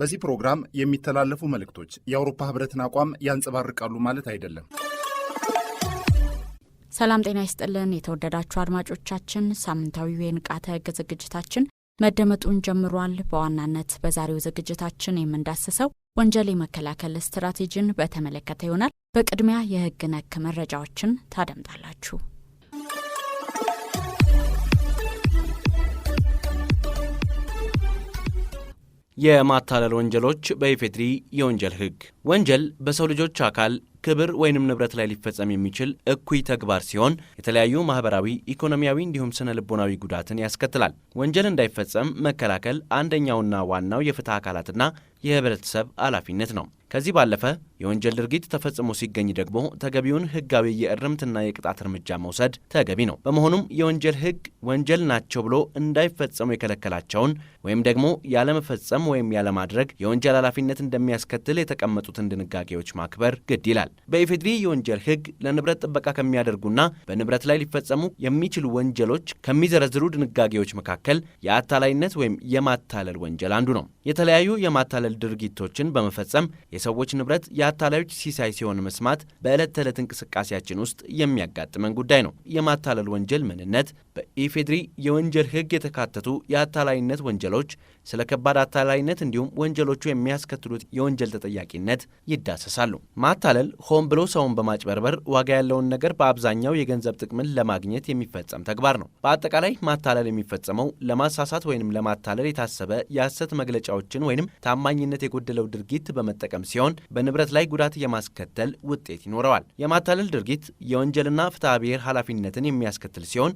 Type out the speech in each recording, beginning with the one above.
በዚህ ፕሮግራም የሚተላለፉ መልእክቶች የአውሮፓ ህብረትን አቋም ያንጸባርቃሉ ማለት አይደለም። ሰላም ጤና ይስጥልን የተወደዳችሁ አድማጮቻችን፣ ሳምንታዊው የንቃተ ህግ ዝግጅታችን መደመጡን ጀምሯል። በዋናነት በዛሬው ዝግጅታችን የምንዳስሰው ወንጀል የመከላከል ስትራቴጂን በተመለከተ ይሆናል። በቅድሚያ የህግ ነክ መረጃዎችን ታደምጣላችሁ። የማታለል ወንጀሎች በኢፌድሪ የወንጀል ህግ ወንጀል በሰው ልጆች አካል ክብር ወይንም ንብረት ላይ ሊፈጸም የሚችል እኩይ ተግባር ሲሆን የተለያዩ ማህበራዊ፣ ኢኮኖሚያዊ እንዲሁም ስነ ልቦናዊ ጉዳትን ያስከትላል። ወንጀል እንዳይፈጸም መከላከል አንደኛውና ዋናው የፍትህ አካላትና የህብረተሰብ ኃላፊነት ነው። ከዚህ ባለፈ የወንጀል ድርጊት ተፈጽሞ ሲገኝ ደግሞ ተገቢውን ህጋዊ የእርምትና የቅጣት እርምጃ መውሰድ ተገቢ ነው። በመሆኑም የወንጀል ህግ ወንጀል ናቸው ብሎ እንዳይፈጸሙ የከለከላቸውን ወይም ደግሞ ያለመፈጸም ወይም ያለማድረግ የወንጀል ኃላፊነት እንደሚያስከትል የተቀመጡትን ድንጋጌዎች ማክበር ግድ ይላል። በኢፌድሪ የወንጀል ህግ ለንብረት ጥበቃ ከሚያደርጉና በንብረት ላይ ሊፈጸሙ የሚችሉ ወንጀሎች ከሚዘረዝሩ ድንጋጌዎች መካከል የአታላይነት ወይም የማታለል ወንጀል አንዱ ነው። የተለያዩ የማታለል ድርጊቶችን በመፈጸም የሰዎች ንብረት የአታላዮች ሲሳይ ሲሆን መስማት በዕለት ተዕለት እንቅስቃሴያችን ውስጥ የሚያጋጥመን ጉዳይ ነው። የማታለል ወንጀል ምንነት፣ በኢፌድሪ የወንጀል ሕግ የተካተቱ የአታላይነት ወንጀሎች ስለ ከባድ አታላይነት እንዲሁም ወንጀሎቹ የሚያስከትሉት የወንጀል ተጠያቂነት ይዳሰሳሉ። ማታለል ሆን ብሎ ሰውን በማጭበርበር ዋጋ ያለውን ነገር በአብዛኛው የገንዘብ ጥቅምን ለማግኘት የሚፈጸም ተግባር ነው። በአጠቃላይ ማታለል የሚፈጸመው ለማሳሳት ወይም ለማታለል የታሰበ የሐሰት መግለጫዎችን ወይም ታማኝነት የጎደለው ድርጊት በመጠቀም ሲሆን በንብረት ላይ ጉዳት የማስከተል ውጤት ይኖረዋል። የማታለል ድርጊት የወንጀልና ብሔር ኃላፊነትን የሚያስከትል ሲሆን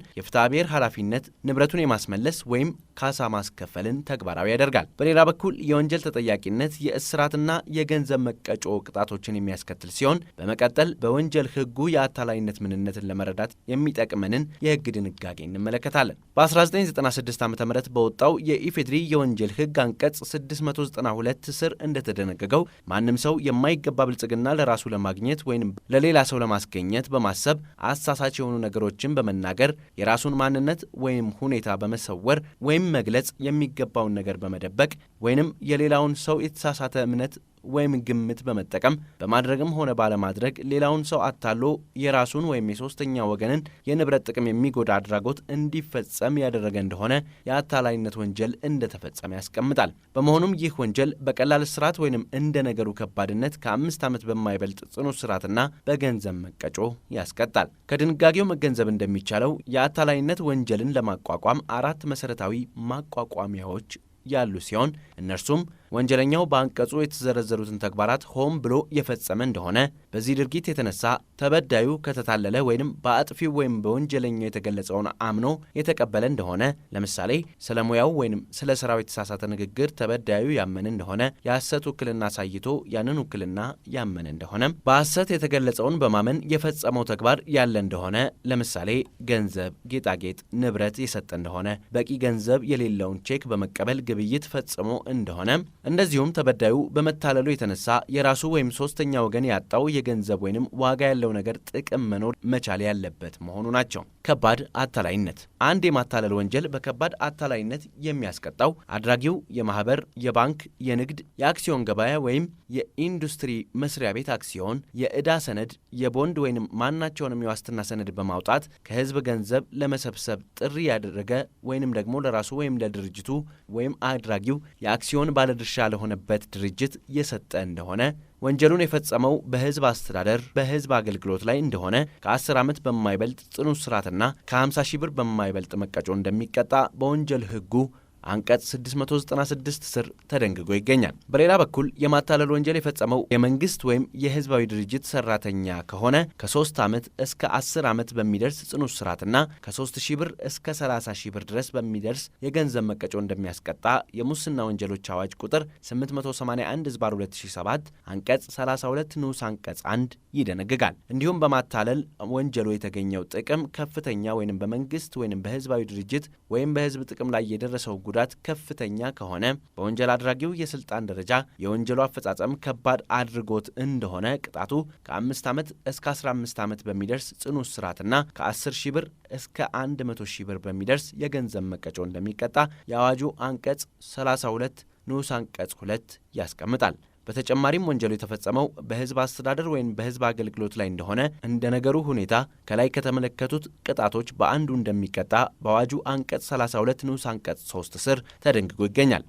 ብሔር ኃላፊነት ንብረቱን የማስመለስ ወይም ካሳ ማስከፈልን ተግባር ተግባራዊ ያደርጋል። በሌላ በኩል የወንጀል ተጠያቂነት የእስራትና የገንዘብ መቀጮ ቅጣቶችን የሚያስከትል ሲሆን በመቀጠል በወንጀል ህጉ የአታላይነት ምንነትን ለመረዳት የሚጠቅመንን የህግ ድንጋጌ እንመለከታለን። በ1996 ዓ ም በወጣው የኢፌድሪ የወንጀል ሕግ አንቀጽ 692 ስር እንደተደነገገው ማንም ሰው የማይገባ ብልጽግና ለራሱ ለማግኘት ወይም ለሌላ ሰው ለማስገኘት በማሰብ አሳሳች የሆኑ ነገሮችን በመናገር የራሱን ማንነት ወይም ሁኔታ በመሰወር ወይም መግለጽ የሚገባውን ነገር ነገር በመደበቅ ወይንም የሌላውን ሰው የተሳሳተ እምነት ወይም ግምት በመጠቀም በማድረግም ሆነ ባለማድረግ ሌላውን ሰው አታሎ የራሱን ወይም የሶስተኛ ወገንን የንብረት ጥቅም የሚጎዳ አድራጎት እንዲፈጸም ያደረገ እንደሆነ የአታላይነት ወንጀል እንደተፈጸመ ያስቀምጣል። በመሆኑም ይህ ወንጀል በቀላል እስራት ወይንም እንደ ነገሩ ከባድነት ከአምስት ዓመት በማይበልጥ ጽኑ እስራትና በገንዘብ መቀጮ ያስቀጣል። ከድንጋጌው መገንዘብ እንደሚቻለው የአታላይነት ወንጀልን ለማቋቋም አራት መሰረታዊ ማቋቋሚያዎች y alusión en ወንጀለኛው በአንቀጹ የተዘረዘሩትን ተግባራት ሆም ብሎ የፈጸመ እንደሆነ በዚህ ድርጊት የተነሳ ተበዳዩ ከተታለለ ወይም በአጥፊው ወይም በወንጀለኛው የተገለጸውን አምኖ የተቀበለ እንደሆነ ለምሳሌ ስለ ሙያው ወይም ስለ ስራው የተሳሳተ ንግግር ተበዳዩ ያመነ እንደሆነ የሐሰት ውክልና አሳይቶ ያንን ውክልና ያመነ እንደሆነ በሐሰት የተገለጸውን በማመን የፈጸመው ተግባር ያለ እንደሆነ ለምሳሌ ገንዘብ፣ ጌጣጌጥ፣ ንብረት የሰጠ እንደሆነ በቂ ገንዘብ የሌለውን ቼክ በመቀበል ግብይት ፈጽሞ እንደሆነ እንደዚሁም ተበዳዩ በመታለሉ የተነሳ የራሱ ወይም ሶስተኛ ወገን ያጣው የገንዘብ ወይንም ዋጋ ያለው ነገር ጥቅም መኖር መቻል ያለበት መሆኑ ናቸው። ከባድ አታላይነት አንድ የማታለል ወንጀል በከባድ አታላይነት የሚያስቀጣው አድራጊው የማህበር፣ የባንክ፣ የንግድ፣ የአክሲዮን ገበያ ወይም የኢንዱስትሪ መስሪያ ቤት አክሲዮን፣ የዕዳ ሰነድ፣ የቦንድ ወይንም ማናቸውንም የዋስትና ሰነድ በማውጣት ከህዝብ ገንዘብ ለመሰብሰብ ጥሪ ያደረገ ወይንም ደግሞ ለራሱ ወይም ለድርጅቱ ወይም አድራጊው የአክሲዮን ባለድርሻ ድርሻ ለሆነበት ድርጅት የሰጠ እንደሆነ ወንጀሉን የፈጸመው በህዝብ አስተዳደር በህዝብ አገልግሎት ላይ እንደሆነ ከ10 ዓመት በማይበልጥ ጽኑ እስራትና ከ50 ሺህ ብር በማይበልጥ መቀጮ እንደሚቀጣ በወንጀል ህጉ አንቀጽ 696 ስር ተደንግጎ ይገኛል። በሌላ በኩል የማታለል ወንጀል የፈጸመው የመንግስት ወይም የህዝባዊ ድርጅት ሰራተኛ ከሆነ ከሶስት ዓመት እስከ 10 ዓመት በሚደርስ ጽኑ እስራትና ከ3000 ብር እስከ 30000 ብር ድረስ በሚደርስ የገንዘብ መቀጮ እንደሚያስቀጣ የሙስና ወንጀሎች አዋጅ ቁጥር 881 ዝባር 2007 አንቀጽ 32 ንዑስ አንቀጽ 1 ይደነግጋል። እንዲሁም በማታለል ወንጀሉ የተገኘው ጥቅም ከፍተኛ ወይም በመንግስት ወይም በህዝባዊ ድርጅት ወይም በህዝብ ጥቅም ላይ የደረሰው ጉዳት ከፍተኛ ከሆነ በወንጀል አድራጊው የስልጣን ደረጃ የወንጀሉ አፈጻጸም ከባድ አድርጎት እንደሆነ ቅጣቱ ከአምስት ዓመት እስከ 15 ዓመት በሚደርስ ጽኑ እስራትና ከ10 ሺህ ብር እስከ 100 ሺህ ብር በሚደርስ የገንዘብ መቀጮ እንደሚቀጣ የአዋጁ አንቀጽ 32 ንዑስ አንቀጽ 2 ያስቀምጣል። በተጨማሪም ወንጀሉ የተፈጸመው በህዝብ አስተዳደር ወይም በህዝብ አገልግሎት ላይ እንደሆነ እንደ ነገሩ ሁኔታ ከላይ ከተመለከቱት ቅጣቶች በአንዱ እንደሚቀጣ በአዋጁ አንቀጽ 32 ንዑስ አንቀጽ 3 ስር ተደንግጎ ይገኛል።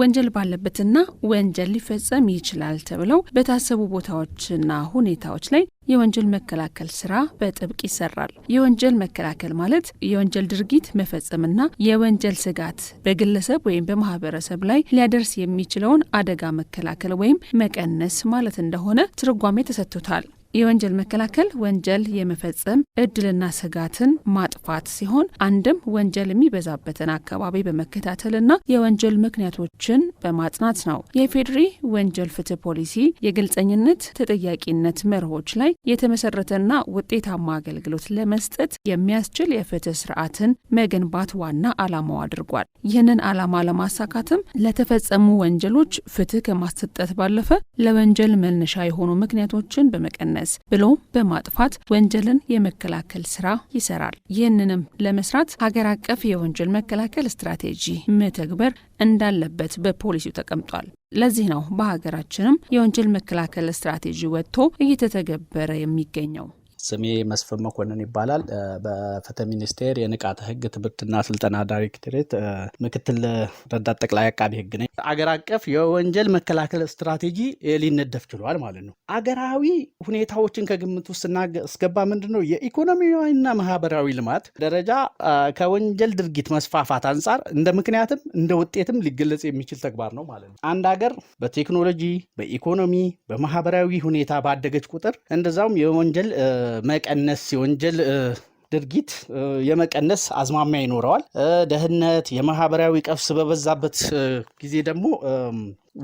ወንጀል ባለበትና ወንጀል ሊፈጸም ይችላል ተብለው በታሰቡ ቦታዎችና ሁኔታዎች ላይ የወንጀል መከላከል ስራ በጥብቅ ይሰራል። የወንጀል መከላከል ማለት የወንጀል ድርጊት መፈጸምና የወንጀል ስጋት በግለሰብ ወይም በማህበረሰብ ላይ ሊያደርስ የሚችለውን አደጋ መከላከል ወይም መቀነስ ማለት እንደሆነ ትርጓሜ ተሰጥቶታል። የወንጀል መከላከል ወንጀል የመፈጸም እድልና ስጋትን ማጥፋት ሲሆን አንድም ወንጀል የሚበዛበትን አካባቢ በመከታተልና የወንጀል ምክንያቶችን በማጥናት ነው። የፌዴሪ ወንጀል ፍትህ ፖሊሲ የግልጸኝነት ተጠያቂነት መርሆች ላይ የተመሰረተና ውጤታማ አገልግሎት ለመስጠት የሚያስችል የፍትህ ስርዓትን መገንባት ዋና ዓላማው አድርጓል። ይህንን ዓላማ ለማሳካትም ለተፈጸሙ ወንጀሎች ፍትህ ከማሰጠት ባለፈ ለወንጀል መነሻ የሆኑ ምክንያቶችን በመቀነስ በመያዝ ብሎም በማጥፋት ወንጀልን የመከላከል ስራ ይሰራል። ይህንንም ለመስራት ሀገር አቀፍ የወንጀል መከላከል ስትራቴጂ መተግበር እንዳለበት በፖሊሲው ተቀምጧል። ለዚህ ነው በሀገራችንም የወንጀል መከላከል ስትራቴጂ ወጥቶ እየተተገበረ የሚገኘው። ስሜ መስፍን መኮንን ይባላል። በፍትህ ሚኒስቴር የንቃተ ህግ ትምህርትና ስልጠና ዳይሬክቶሬት ምክትል ረዳት ጠቅላይ አቃቢ ህግ ነኝ። አገር አቀፍ የወንጀል መከላከል ስትራቴጂ ሊነደፍ ችሏል ማለት ነው። አገራዊ ሁኔታዎችን ከግምት ውስጥ ስናስገባ ምንድን ነው የኢኮኖሚያዊና ማህበራዊ ልማት ደረጃ ከወንጀል ድርጊት መስፋፋት አንጻር እንደ ምክንያትም እንደ ውጤትም ሊገለጽ የሚችል ተግባር ነው ማለት ነው። አንድ ሀገር በቴክኖሎጂ፣ በኢኮኖሚ፣ በማህበራዊ ሁኔታ ባደገች ቁጥር እንደዛውም የወንጀል መቀነስ የወንጀል ድርጊት የመቀነስ አዝማሚያ ይኖረዋል። ደህንነት፣ የማህበራዊ ቀፍስ በበዛበት ጊዜ ደግሞ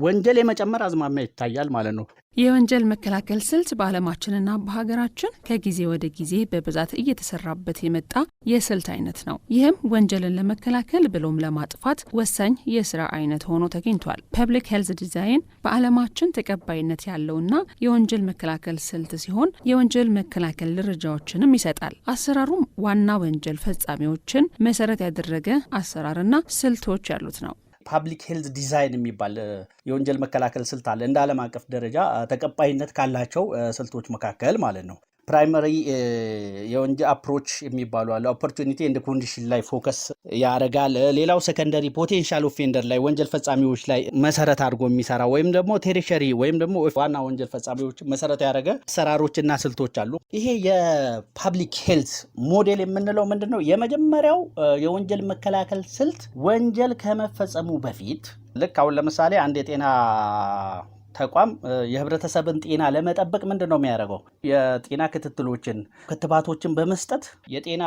ወንጀል የመጨመር አዝማሚያ ይታያል ማለት ነው። የወንጀል መከላከል ስልት በዓለማችንና በሀገራችን ከጊዜ ወደ ጊዜ በብዛት እየተሰራበት የመጣ የስልት አይነት ነው። ይህም ወንጀልን ለመከላከል ብሎም ለማጥፋት ወሳኝ የስራ አይነት ሆኖ ተገኝቷል። ፐብሊክ ሄልዝ ዲዛይን በዓለማችን ተቀባይነት ያለውና የወንጀል መከላከል ስልት ሲሆን የወንጀል መከላከል ደረጃዎችንም ይሰጣል። አሰራሩም ዋና ወንጀል ፈጻሚዎችን መሰረት ያደረገ አሰራርና ስልቶች ያሉት ነው። ፓብሊክ ሄልዝ ዲዛይን የሚባል የወንጀል መከላከል ስልት አለ። እንደ ዓለም አቀፍ ደረጃ ተቀባይነት ካላቸው ስልቶች መካከል ማለት ነው። ፕራይመሪ የወንጀ አፕሮች የሚባሉ አሉ። ኦፖርቹኒቲ ኤንድ ኮንዲሽን ላይ ፎከስ ያደርጋል። ሌላው ሰከንደሪ ፖቴንሻል ኦፌንደር ላይ ወንጀል ፈጻሚዎች ላይ መሰረት አድርጎ የሚሰራ ወይም ደግሞ ቴሪሸሪ ወይም ደግሞ ዋና ወንጀል ፈጻሚዎች መሰረት ያደረገ እና ስልቶች አሉ። ይሄ የፓብሊክ ሄልት ሞዴል የምንለው ምንድን ነው? የመጀመሪያው የወንጀል መከላከል ስልት ወንጀል ከመፈጸሙ በፊት ልክ አሁን ለምሳሌ አንድ የጤና ተቋም የህብረተሰብን ጤና ለመጠበቅ ምንድን ነው የሚያደርገው? የጤና ክትትሎችን፣ ክትባቶችን በመስጠት የጤና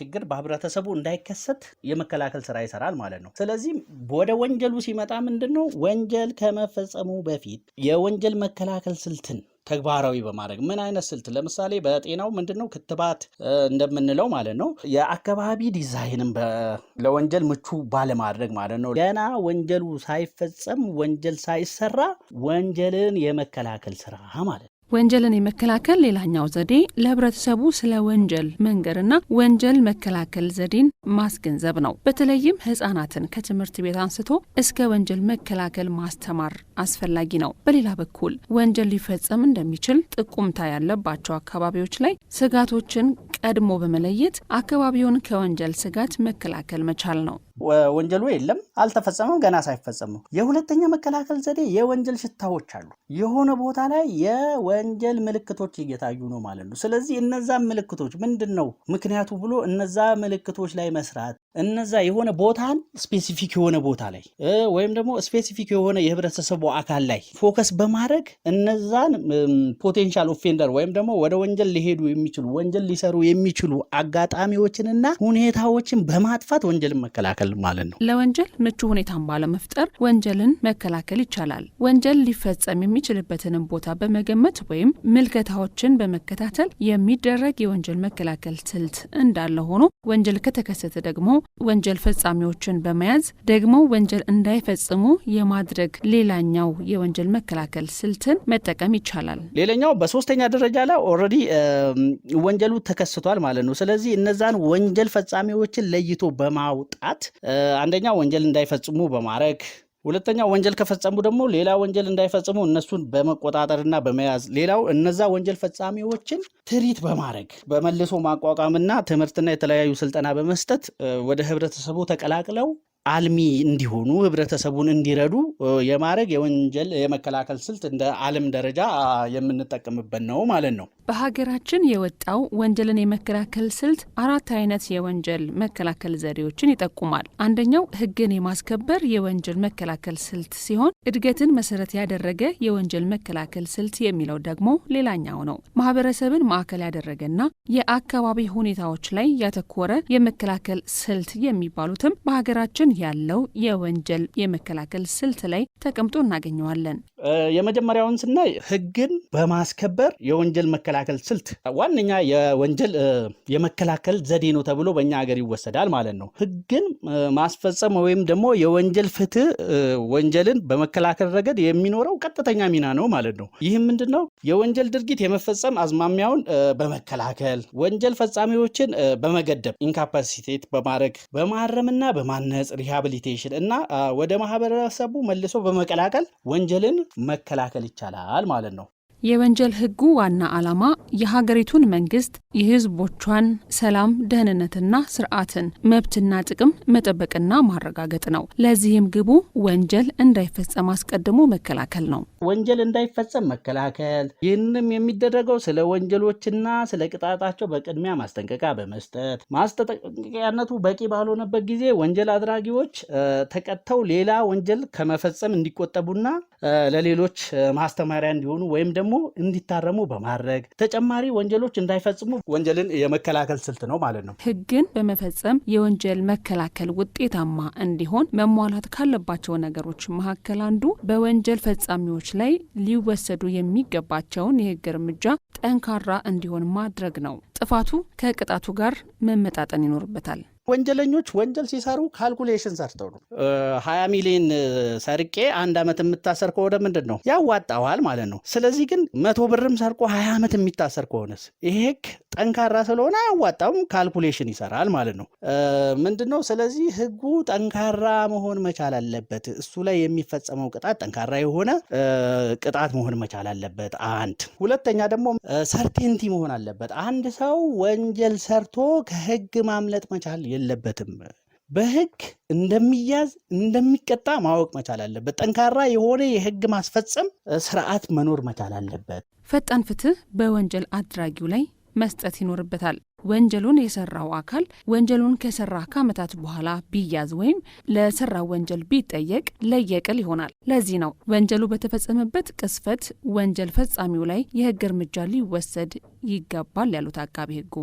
ችግር በህብረተሰቡ እንዳይከሰት የመከላከል ስራ ይሰራል ማለት ነው። ስለዚህ ወደ ወንጀሉ ሲመጣ ምንድን ነው ወንጀል ከመፈጸሙ በፊት የወንጀል መከላከል ስልትን ተግባራዊ በማድረግ ምን አይነት ስልት ለምሳሌ በጤናው ምንድነው ክትባት እንደምንለው ማለት ነው። የአካባቢ ዲዛይንን ለወንጀል ምቹ ባለማድረግ ማለት ነው። ገና ወንጀሉ ሳይፈጸም ወንጀል ሳይሰራ ወንጀልን የመከላከል ስራ ማለት ነው። ወንጀልን የመከላከል ሌላኛው ዘዴ ለህብረተሰቡ ስለ ወንጀል መንገርና ወንጀል መከላከል ዘዴን ማስገንዘብ ነው። በተለይም ህጻናትን ከትምህርት ቤት አንስቶ እስከ ወንጀል መከላከል ማስተማር አስፈላጊ ነው። በሌላ በኩል ወንጀል ሊፈጸም እንደሚችል ጥቁምታ ያለባቸው አካባቢዎች ላይ ስጋቶችን ቀድሞ በመለየት አካባቢውን ከወንጀል ስጋት መከላከል መቻል ነው። ወንጀሉ የለም አልተፈጸመም፣ ገና ሳይፈጸም ነው። የሁለተኛ መከላከል ዘዴ የወንጀል ሽታዎች አሉ። የሆነ ቦታ ላይ የወንጀል ምልክቶች እየታዩ ነው ማለት ነው። ስለዚህ እነዛ ምልክቶች ምንድን ነው ምክንያቱ ብሎ እነዛ ምልክቶች ላይ መስራት እነዛ የሆነ ቦታን ስፔሲፊክ የሆነ ቦታ ላይ ወይም ደግሞ ስፔሲፊክ የሆነ የህብረተሰቡ አካል ላይ ፎከስ በማድረግ እነዛን ፖቴንሻል ኦፌንደር ወይም ደግሞ ወደ ወንጀል ሊሄዱ የሚችሉ ወንጀል ሊሰሩ የሚችሉ አጋጣሚዎችንና ሁኔታዎችን በማጥፋት ወንጀልን መከላከል መከላከል ማለት ነው። ለወንጀል ምቹ ሁኔታን ባለመፍጠር ወንጀልን መከላከል ይቻላል። ወንጀል ሊፈጸም የሚችልበትንም ቦታ በመገመት ወይም ምልከታዎችን በመከታተል የሚደረግ የወንጀል መከላከል ስልት እንዳለ ሆኖ ወንጀል ከተከሰተ ደግሞ ወንጀል ፈጻሚዎችን በመያዝ ደግሞ ወንጀል እንዳይፈጽሙ የማድረግ ሌላኛው የወንጀል መከላከል ስልትን መጠቀም ይቻላል። ሌላኛው በሶስተኛ ደረጃ ላይ ኦልሬዲ ወንጀሉ ተከስቷል ማለት ነው። ስለዚህ እነዛን ወንጀል ፈጻሚዎችን ለይቶ በማውጣት አንደኛ ወንጀል እንዳይፈጽሙ በማድረግ ሁለተኛ ወንጀል ከፈጸሙ ደግሞ ሌላ ወንጀል እንዳይፈጽሙ እነሱን በመቆጣጠርና በመያዝ ሌላው እነዛ ወንጀል ፈጻሚዎችን ትሪት በማድረግ በመልሶ ማቋቋምና ትምህርትና የተለያዩ ስልጠና በመስጠት ወደ ህብረተሰቡ ተቀላቅለው አልሚ እንዲሆኑ ህብረተሰቡን እንዲረዱ የማድረግ የወንጀል የመከላከል ስልት እንደ ዓለም ደረጃ የምንጠቀምበት ነው ማለት ነው። በሀገራችን የወጣው ወንጀልን የመከላከል ስልት አራት አይነት የወንጀል መከላከል ዘዴዎችን ይጠቁማል። አንደኛው ሕግን የማስከበር የወንጀል መከላከል ስልት ሲሆን እድገትን መሰረት ያደረገ የወንጀል መከላከል ስልት የሚለው ደግሞ ሌላኛው ነው። ማህበረሰብን ማዕከል ያደረገና የአካባቢ ሁኔታዎች ላይ ያተኮረ የመከላከል ስልት የሚባሉትም በሀገራችን ያለው የወንጀል የመከላከል ስልት ላይ ተቀምጦ እናገኘዋለን። የመጀመሪያውን ስናይ ህግን በማስከበር የወንጀል መከላከል ስልት ዋነኛ የወንጀል የመከላከል ዘዴ ነው ተብሎ በእኛ ሀገር ይወሰዳል ማለት ነው። ህግን ማስፈጸም ወይም ደግሞ የወንጀል ፍትህ ወንጀልን በመከላከል ረገድ የሚኖረው ቀጥተኛ ሚና ነው ማለት ነው። ይህም ምንድን ነው? የወንጀል ድርጊት የመፈጸም አዝማሚያውን በመከላከል ወንጀል ፈጻሚዎችን በመገደብ ኢንካፓሲቴት በማድረግ በማረምና በማነጽ ሪሃብሊቴሽን እና ወደ ማህበረሰቡ መልሶ በመቀላቀል ወንጀልን መከላከል ይቻላል ማለት ነው። የወንጀል ህጉ ዋና ዓላማ የሀገሪቱን መንግስት የህዝቦቿን ሰላም፣ ደህንነትና ስርዓትን መብትና ጥቅም መጠበቅና ማረጋገጥ ነው። ለዚህም ግቡ ወንጀል እንዳይፈጸም አስቀድሞ መከላከል ነው። ወንጀል እንዳይፈጸም መከላከል። ይህንም የሚደረገው ስለ ወንጀሎችና ስለ ቅጣታቸው በቅድሚያ ማስጠንቀቂያ በመስጠት ማስጠንቀቂያነቱ በቂ ባልሆነበት ጊዜ ወንጀል አድራጊዎች ተቀጥተው ሌላ ወንጀል ከመፈጸም እንዲቆጠቡና ለሌሎች ማስተማሪያ እንዲሆኑ ወይም ደግሞ ደግሞ እንዲታረሙ በማድረግ ተጨማሪ ወንጀሎች እንዳይፈጽሙ ወንጀልን የመከላከል ስልት ነው ማለት ነው። ህግን በመፈጸም የወንጀል መከላከል ውጤታማ እንዲሆን መሟላት ካለባቸው ነገሮች መካከል አንዱ በወንጀል ፈጻሚዎች ላይ ሊወሰዱ የሚገባቸውን የህግ እርምጃ ጠንካራ እንዲሆን ማድረግ ነው። ጥፋቱ ከቅጣቱ ጋር መመጣጠን ይኖርበታል። ወንጀለኞች ወንጀል ሲሰሩ ካልኩሌሽን ሰርተው ነው። ሀያ ሚሊዮን ሰርቄ አንድ ዓመት የምታሰር ከሆነ ምንድን ነው ያዋጣዋል ማለት ነው። ስለዚህ ግን መቶ ብርም ሰርቆ ሀያ ዓመት የሚታሰር ከሆነስ ይሄ ህግ ጠንካራ ስለሆነ አያዋጣም፣ ካልኩሌሽን ይሰራል ማለት ነው። ምንድን ነው ስለዚህ ህጉ ጠንካራ መሆን መቻል አለበት። እሱ ላይ የሚፈጸመው ቅጣት ጠንካራ የሆነ ቅጣት መሆን መቻል አለበት። አንድ ሁለተኛ ደግሞ ሰርቴንቲ መሆን አለበት። አንድ ሰው ወንጀል ሰርቶ ከህግ ማምለጥ መቻል የለበትም። በህግ እንደሚያዝ እንደሚቀጣ ማወቅ መቻል አለበት። ጠንካራ የሆነ የህግ ማስፈጸም ስርዓት መኖር መቻል አለበት። ፈጣን ፍትህ በወንጀል አድራጊው ላይ መስጠት ይኖርበታል። ወንጀሉን የሰራው አካል ወንጀሉን ከሰራ ከዓመታት በኋላ ቢያዝ ወይም ለሰራው ወንጀል ቢጠየቅ ለየቅል ይሆናል። ለዚህ ነው ወንጀሉ በተፈጸመበት ቅስፈት ወንጀል ፈጻሚው ላይ የህግ እርምጃ ሊወሰድ ይገባል ያሉት አቃቢ ህጉ።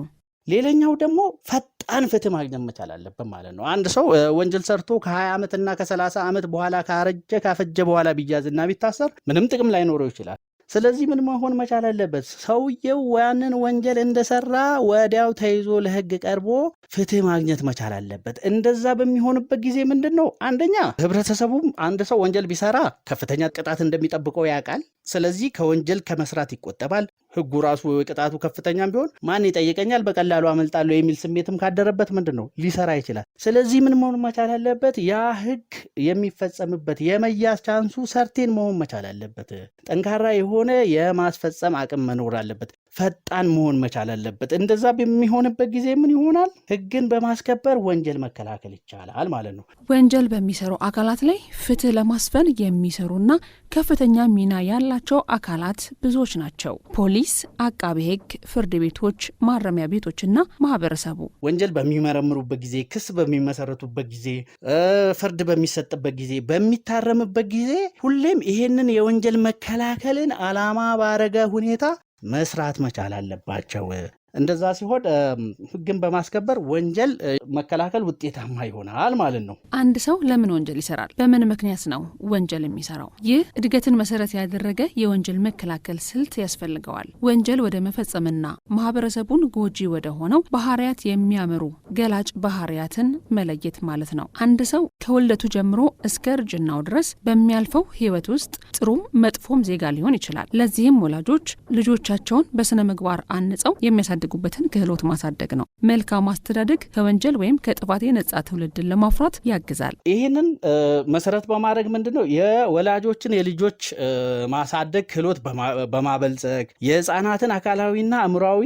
ሌላኛው ደግሞ ፈጣን ፍትህ ማግኘት መቻል አለብን ማለት ነው። አንድ ሰው ወንጀል ሰርቶ ከ20 ዓመትና ከ30 ዓመት በኋላ ካረጀ ካፈጀ በኋላ ቢያዝና ቢታሰር ምንም ጥቅም ላይኖረው ይችላል። ስለዚህ ምን መሆን መቻል አለበት? ሰውየው ያንን ወንጀል እንደሰራ ወዲያው ተይዞ ለህግ ቀርቦ ፍትህ ማግኘት መቻል አለበት። እንደዛ በሚሆንበት ጊዜ ምንድን ነው አንደኛ ህብረተሰቡም አንድ ሰው ወንጀል ቢሰራ ከፍተኛ ቅጣት እንደሚጠብቀው ያውቃል። ስለዚህ ከወንጀል ከመስራት ይቆጠባል። ህጉ ራሱ ቅጣቱ ከፍተኛም ቢሆን ማን ይጠይቀኛል፣ በቀላሉ አመልጣለሁ የሚል ስሜትም ካደረበት ምንድን ነው ሊሰራ ይችላል። ስለዚህ ምን መሆን መቻል አለበት? ያ ህግ የሚፈጸምበት የመያዝ ቻንሱ ሰርቴን መሆን መቻል አለበት። ጠንካራ የሆነ ከሆነ የማስፈጸም አቅም መኖር አለበት። ፈጣን መሆን መቻል አለበት። እንደዛ በሚሆንበት ጊዜ ምን ይሆናል? ህግን በማስከበር ወንጀል መከላከል ይቻላል ማለት ነው። ወንጀል በሚሰሩ አካላት ላይ ፍትህ ለማስፈን የሚሰሩና ከፍተኛ ሚና ያላቸው አካላት ብዙዎች ናቸው። ፖሊስ፣ አቃቤ ህግ፣ ፍርድ ቤቶች፣ ማረሚያ ቤቶችና ማህበረሰቡ ወንጀል በሚመረምሩበት ጊዜ፣ ክስ በሚመሰረቱበት ጊዜ፣ ፍርድ በሚሰጥበት ጊዜ፣ በሚታረምበት ጊዜ ሁሌም ይሄንን የወንጀል መከላከልን አላማ ባረገ ሁኔታ መስራት መቻል አለባቸው እንደዛ ሲሆን ህግን በማስከበር ወንጀል መከላከል ውጤታማ ይሆናል ማለት ነው። አንድ ሰው ለምን ወንጀል ይሰራል? በምን ምክንያት ነው ወንጀል የሚሰራው? ይህ እድገትን መሰረት ያደረገ የወንጀል መከላከል ስልት ያስፈልገዋል። ወንጀል ወደ መፈጸምና ማህበረሰቡን ጎጂ ወደ ሆነው ባህሪያት የሚያምሩ ገላጭ ባህሪያትን መለየት ማለት ነው። አንድ ሰው ከውልደቱ ጀምሮ እስከ እርጅናው ድረስ በሚያልፈው ህይወት ውስጥ ጥሩም መጥፎም ዜጋ ሊሆን ይችላል። ለዚህም ወላጆች ልጆቻቸውን በስነ ምግባር አንጸው የሚያሳ የሚያሳድጉበትን ክህሎት ማሳደግ ነው። መልካም አስተዳደግ ከወንጀል ወይም ከጥፋት የነጻ ትውልድን ለማፍራት ያግዛል። ይህንን መሰረት በማድረግ ምንድን ነው የወላጆችን የልጆች ማሳደግ ክህሎት በማበልጸግ የህፃናትን አካላዊና አእምሯዊ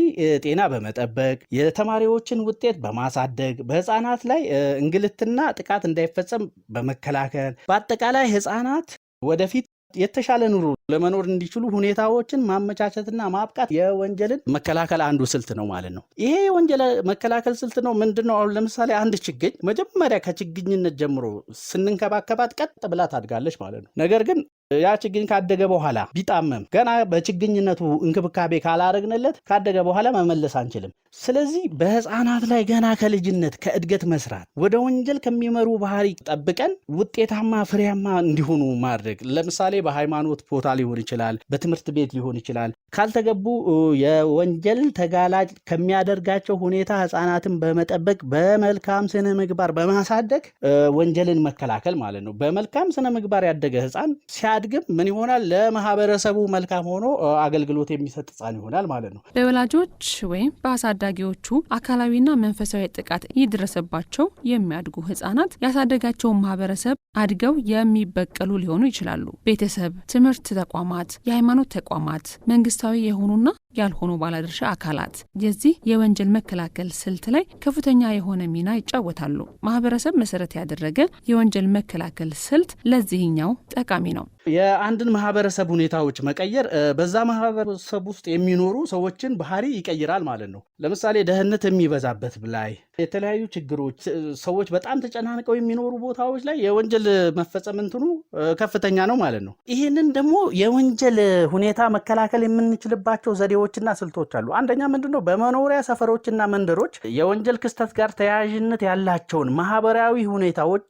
ጤና በመጠበቅ የተማሪዎችን ውጤት በማሳደግ በህፃናት ላይ እንግልትና ጥቃት እንዳይፈጸም በመከላከል በአጠቃላይ ህፃናት ወደፊት የተሻለ ኑሮ ለመኖር እንዲችሉ ሁኔታዎችን ማመቻቸትና ማብቃት የወንጀልን መከላከል አንዱ ስልት ነው ማለት ነው። ይሄ የወንጀል መከላከል ስልት ነው ምንድን ነው? አሁን ለምሳሌ አንድ ችግኝ መጀመሪያ ከችግኝነት ጀምሮ ስንንከባከባት ቀጥ ብላ ታድጋለች ማለት ነው። ነገር ግን ያ ችግኝ ካደገ በኋላ ቢጣመም ገና በችግኝነቱ እንክብካቤ ካላረግንለት ካደገ በኋላ መመለስ አንችልም። ስለዚህ በህፃናት ላይ ገና ከልጅነት ከእድገት መስራት ወደ ወንጀል ከሚመሩ ባህሪ ጠብቀን ውጤታማ ፍሬያማ እንዲሆኑ ማድረግ ለምሳሌ በሃይማኖት ቦታ ሊሆን ይችላል፣ በትምህርት ቤት ሊሆን ይችላል። ካልተገቡ የወንጀል ተጋላጭ ከሚያደርጋቸው ሁኔታ ህፃናትን በመጠበቅ በመልካም ስነ ምግባር በማሳደግ ወንጀልን መከላከል ማለት ነው። በመልካም ስነ ምግባር ያደገ ህፃን ቢያድግም ምን ይሆናል? ለማህበረሰቡ መልካም ሆኖ አገልግሎት የሚሰጥ ህጻን ይሆናል ማለት ነው። በወላጆች ወይም በአሳዳጊዎቹ አካላዊና መንፈሳዊ ጥቃት እየደረሰባቸው የሚያድጉ ህጻናት ያሳደጋቸውን ማህበረሰብ አድገው የሚበቀሉ ሊሆኑ ይችላሉ። ቤተሰብ፣ ትምህርት ተቋማት፣ የሃይማኖት ተቋማት፣ መንግስታዊ የሆኑና ያልሆኑ ባለድርሻ አካላት የዚህ የወንጀል መከላከል ስልት ላይ ከፍተኛ የሆነ ሚና ይጫወታሉ። ማህበረሰብ መሰረት ያደረገ የወንጀል መከላከል ስልት ለዚህኛው ጠቃሚ ነው። የአንድን ማህበረሰብ ሁኔታዎች መቀየር በዛ ማህበረሰብ ውስጥ የሚኖሩ ሰዎችን ባህሪ ይቀይራል ማለት ነው። ለምሳሌ ደህንነት የሚበዛበት ላይ የተለያዩ ችግሮች፣ ሰዎች በጣም ተጨናንቀው የሚኖሩ ቦታዎች ላይ የወንጀል መፈጸም እንትኑ ከፍተኛ ነው ማለት ነው። ይህንን ደግሞ የወንጀል ሁኔታ መከላከል የምንችልባቸው ዘዴዎችና ስልቶች አሉ። አንደኛ ምንድን ነው በመኖሪያ ሰፈሮችና መንደሮች የወንጀል ክስተት ጋር ተያያዥነት ያላቸውን ማህበራዊ ሁኔታዎች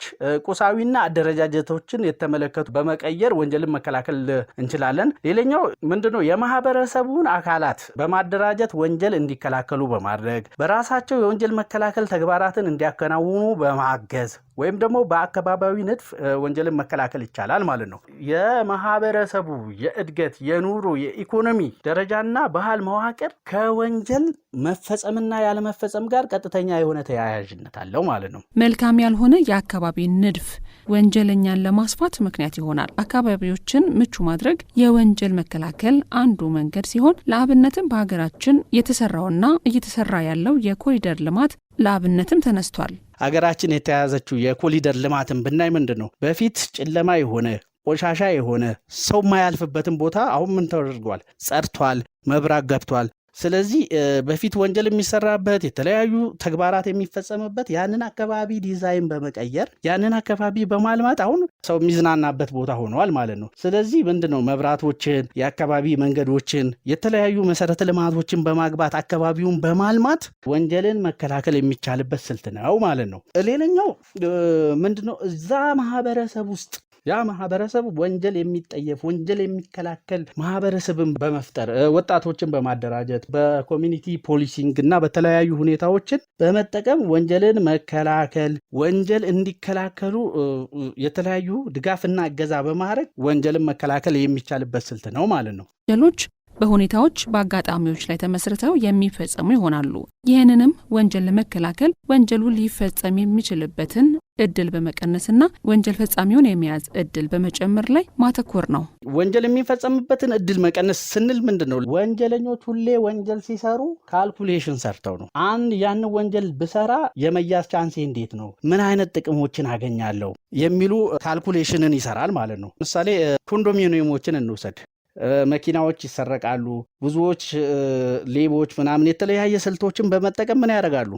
ቁሳዊና አደረጃጀቶችን የተመለከቱ በመቀየር ወንጀልን መከላከል እንችላለን። ሌላኛው ምንድን ነው የማህበረሰቡን አካላት በማደራጀት ወንጀል እንዲከላከሉ በማድረግ በራሳቸው የወንጀል መከላከል መከላከል ተግባራትን እንዲያከናውኑ በማገዝ ወይም ደግሞ በአካባቢያዊ ንድፍ ወንጀልን መከላከል ይቻላል ማለት ነው። የማህበረሰቡ የእድገት የኑሮ የኢኮኖሚ ደረጃና ባህል መዋቅር ከወንጀል መፈጸምና ያለመፈጸም ጋር ቀጥተኛ የሆነ ተያያዥነት አለው ማለት ነው። መልካም ያልሆነ የአካባቢ ንድፍ ወንጀለኛን ለማስፋት ምክንያት ይሆናል። አካባቢዎችን ምቹ ማድረግ የወንጀል መከላከል አንዱ መንገድ ሲሆን ለአብነትም በሀገራችን የተሰራውና እየተሰራ ያለው የኮሪደር ልማት ለአብነትም ተነስቷል። አገራችን የተያዘችው የኮሊደር ልማትን ብናይ ምንድን ነው በፊት ጨለማ የሆነ ቆሻሻ የሆነ ሰው የማያልፍበትን ቦታ አሁን ምን ተደርጓል? ጸድቷል። መብራት ገብቷል። ስለዚህ በፊት ወንጀል የሚሰራበት የተለያዩ ተግባራት የሚፈጸምበት ያንን አካባቢ ዲዛይን በመቀየር ያንን አካባቢ በማልማት አሁን ሰው የሚዝናናበት ቦታ ሆነዋል ማለት ነው። ስለዚህ ምንድን ነው መብራቶችን፣ የአካባቢ መንገዶችን፣ የተለያዩ መሰረተ ልማቶችን በማግባት አካባቢውን በማልማት ወንጀልን መከላከል የሚቻልበት ስልት ነው ማለት ነው። ሌላኛው ምንድን ነው እዛ ማህበረሰብ ውስጥ ያ ማህበረሰብ ወንጀል የሚጠየፍ ወንጀል የሚከላከል ማህበረሰብን በመፍጠር ወጣቶችን በማደራጀት በኮሚኒቲ ፖሊሲንግ እና በተለያዩ ሁኔታዎችን በመጠቀም ወንጀልን መከላከል ወንጀል እንዲከላከሉ የተለያዩ ድጋፍና እገዛ በማድረግ ወንጀልን መከላከል የሚቻልበት ስልት ነው ማለት ነው። ወንጀሎች በሁኔታዎች በአጋጣሚዎች ላይ ተመስርተው የሚፈጸሙ ይሆናሉ። ይህንንም ወንጀል ለመከላከል ወንጀሉ ሊፈጸም የሚችልበትን እድል በመቀነስና ወንጀል ፈጻሚውን የመያዝ እድል በመጨመር ላይ ማተኮር ነው። ወንጀል የሚፈጸምበትን እድል መቀነስ ስንል ምንድን ነው? ወንጀለኞች ሁሌ ወንጀል ሲሰሩ ካልኩሌሽን ሰርተው ነው። አንድ ያንን ወንጀል ብሰራ የመያዝ ቻንሴ እንዴት ነው? ምን አይነት ጥቅሞችን አገኛለሁ? የሚሉ ካልኩሌሽንን ይሰራል ማለት ነው። ምሳሌ ኮንዶሚኒየሞችን እንውሰድ። መኪናዎች ይሰረቃሉ። ብዙዎች ሌቦች ምናምን የተለያየ ስልቶችን በመጠቀም ምን ያደርጋሉ?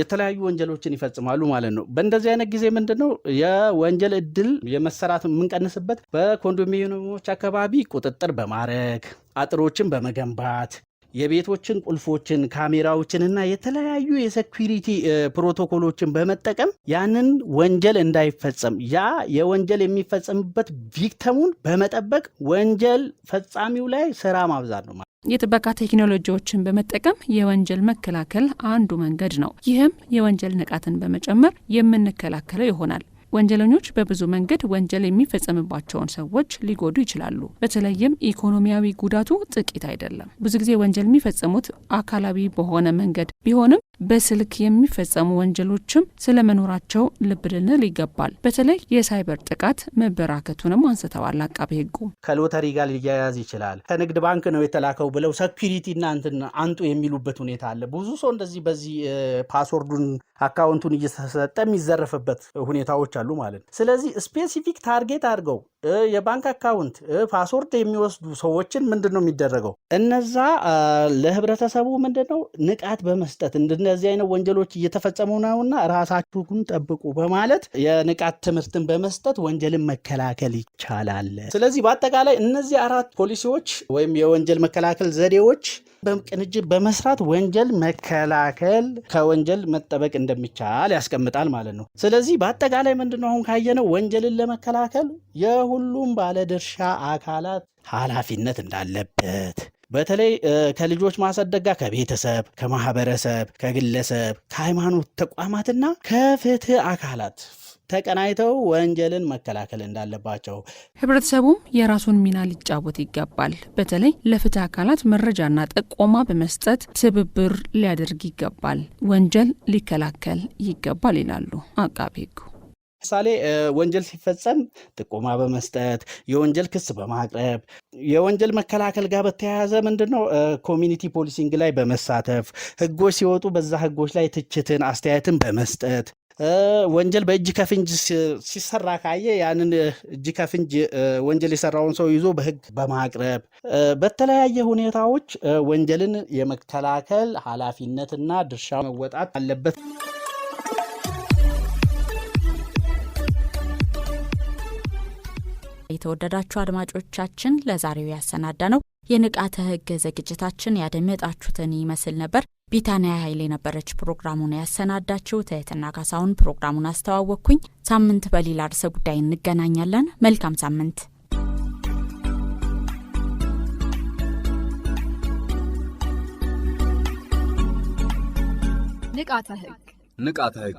የተለያዩ ወንጀሎችን ይፈጽማሉ ማለት ነው። በእንደዚህ አይነት ጊዜ ምንድን ነው የወንጀል እድል የመሰራት የምንቀንስበት? በኮንዶሚኒየሞች አካባቢ ቁጥጥር በማድረግ አጥሮችን በመገንባት የቤቶችን ቁልፎችን፣ ካሜራዎችን እና የተለያዩ የሴኩሪቲ ፕሮቶኮሎችን በመጠቀም ያንን ወንጀል እንዳይፈጸም ያ የወንጀል የሚፈጸምበት ቪክተሙን በመጠበቅ ወንጀል ፈጻሚው ላይ ስራ ማብዛት ነው። የጥበቃ ቴክኖሎጂዎችን በመጠቀም የወንጀል መከላከል አንዱ መንገድ ነው። ይህም የወንጀል ንቃትን በመጨመር የምንከላከለው ይሆናል። ወንጀለኞች በብዙ መንገድ ወንጀል የሚፈጸምባቸውን ሰዎች ሊጎዱ ይችላሉ። በተለይም ኢኮኖሚያዊ ጉዳቱ ጥቂት አይደለም። ብዙ ጊዜ ወንጀል የሚፈጸሙት አካላዊ በሆነ መንገድ ቢሆንም በስልክ የሚፈጸሙ ወንጀሎችም ስለመኖራቸው ልብ ልንል ይገባል። በተለይ የሳይበር ጥቃት መበራከቱንም አንስተዋል አቃቤ ሕጉ። ከሎተሪ ጋር ሊያያዝ ይችላል፣ ከንግድ ባንክ ነው የተላከው ብለው ሰኪሪቲ እናንትን አንጡ የሚሉበት ሁኔታ አለ። ብዙ ሰው እንደዚህ በዚህ ፓስወርዱን አካውንቱን እየተሰጠ የሚዘረፍበት ሁኔታዎች አሉ። ይችላሉ ማለት ነው። ስለዚህ ስፔሲፊክ ታርጌት አድርገው የባንክ አካውንት ፓስወርድ የሚወስዱ ሰዎችን ምንድን ነው የሚደረገው? እነዛ ለህብረተሰቡ ምንድን ነው ንቃት በመስጠት እንደነዚህ አይነት ወንጀሎች እየተፈጸሙ ነውና ራሳችሁን ጠብቁ በማለት የንቃት ትምህርትን በመስጠት ወንጀልን መከላከል ይቻላል። ስለዚህ በአጠቃላይ እነዚህ አራት ፖሊሲዎች ወይም የወንጀል መከላከል ዘዴዎች በቅንጅት በመስራት ወንጀል መከላከል ከወንጀል መጠበቅ እንደሚቻል ያስቀምጣል ማለት ነው። ስለዚህ በአጠቃላይ ምንድነው አሁን ካየነው ወንጀልን ለመከላከል የሁሉም ባለድርሻ አካላት ኃላፊነት እንዳለበት በተለይ ከልጆች ማሳደግ ጋር ከቤተሰብ፣ ከማህበረሰብ፣ ከግለሰብ፣ ከሃይማኖት ተቋማትና ከፍትህ አካላት ተቀናይተው ወንጀልን መከላከል እንዳለባቸው ህብረተሰቡም የራሱን ሚና ሊጫወት ይገባል። በተለይ ለፍትህ አካላት መረጃና ጥቆማ በመስጠት ትብብር ሊያደርግ ይገባል። ወንጀል ሊከላከል ይገባል ይላሉ አቃቤ ህጉ። ምሳሌ ወንጀል ሲፈጸም ጥቆማ በመስጠት የወንጀል ክስ በማቅረብ የወንጀል መከላከል ጋር በተያያዘ ምንድን ነው ኮሚኒቲ ፖሊሲንግ ላይ በመሳተፍ ህጎች ሲወጡ በዛ ህጎች ላይ ትችትን፣ አስተያየትን በመስጠት ወንጀል በእጅ ከፍንጅ ሲሰራ ካየ ያንን እጅ ከፍንጅ ወንጀል የሰራውን ሰው ይዞ በህግ በማቅረብ በተለያየ ሁኔታዎች ወንጀልን የመከላከል ኃላፊነትና ድርሻ መወጣት አለበት። የተወደዳችሁ አድማጮቻችን ለዛሬው ያሰናዳ ነው የንቃተ ህግ ዝግጅታችን ያደመጣችሁትን ይመስል ነበር። ቢታንያ ኃይል የነበረች ፕሮግራሙን ያሰናዳችው ትህትና ካሳሁን ፕሮግራሙን አስተዋወቅኩኝ። ሳምንት በሌላ ርዕሰ ጉዳይ እንገናኛለን። መልካም ሳምንት። ንቃተ ህግ ንቃተ ህግ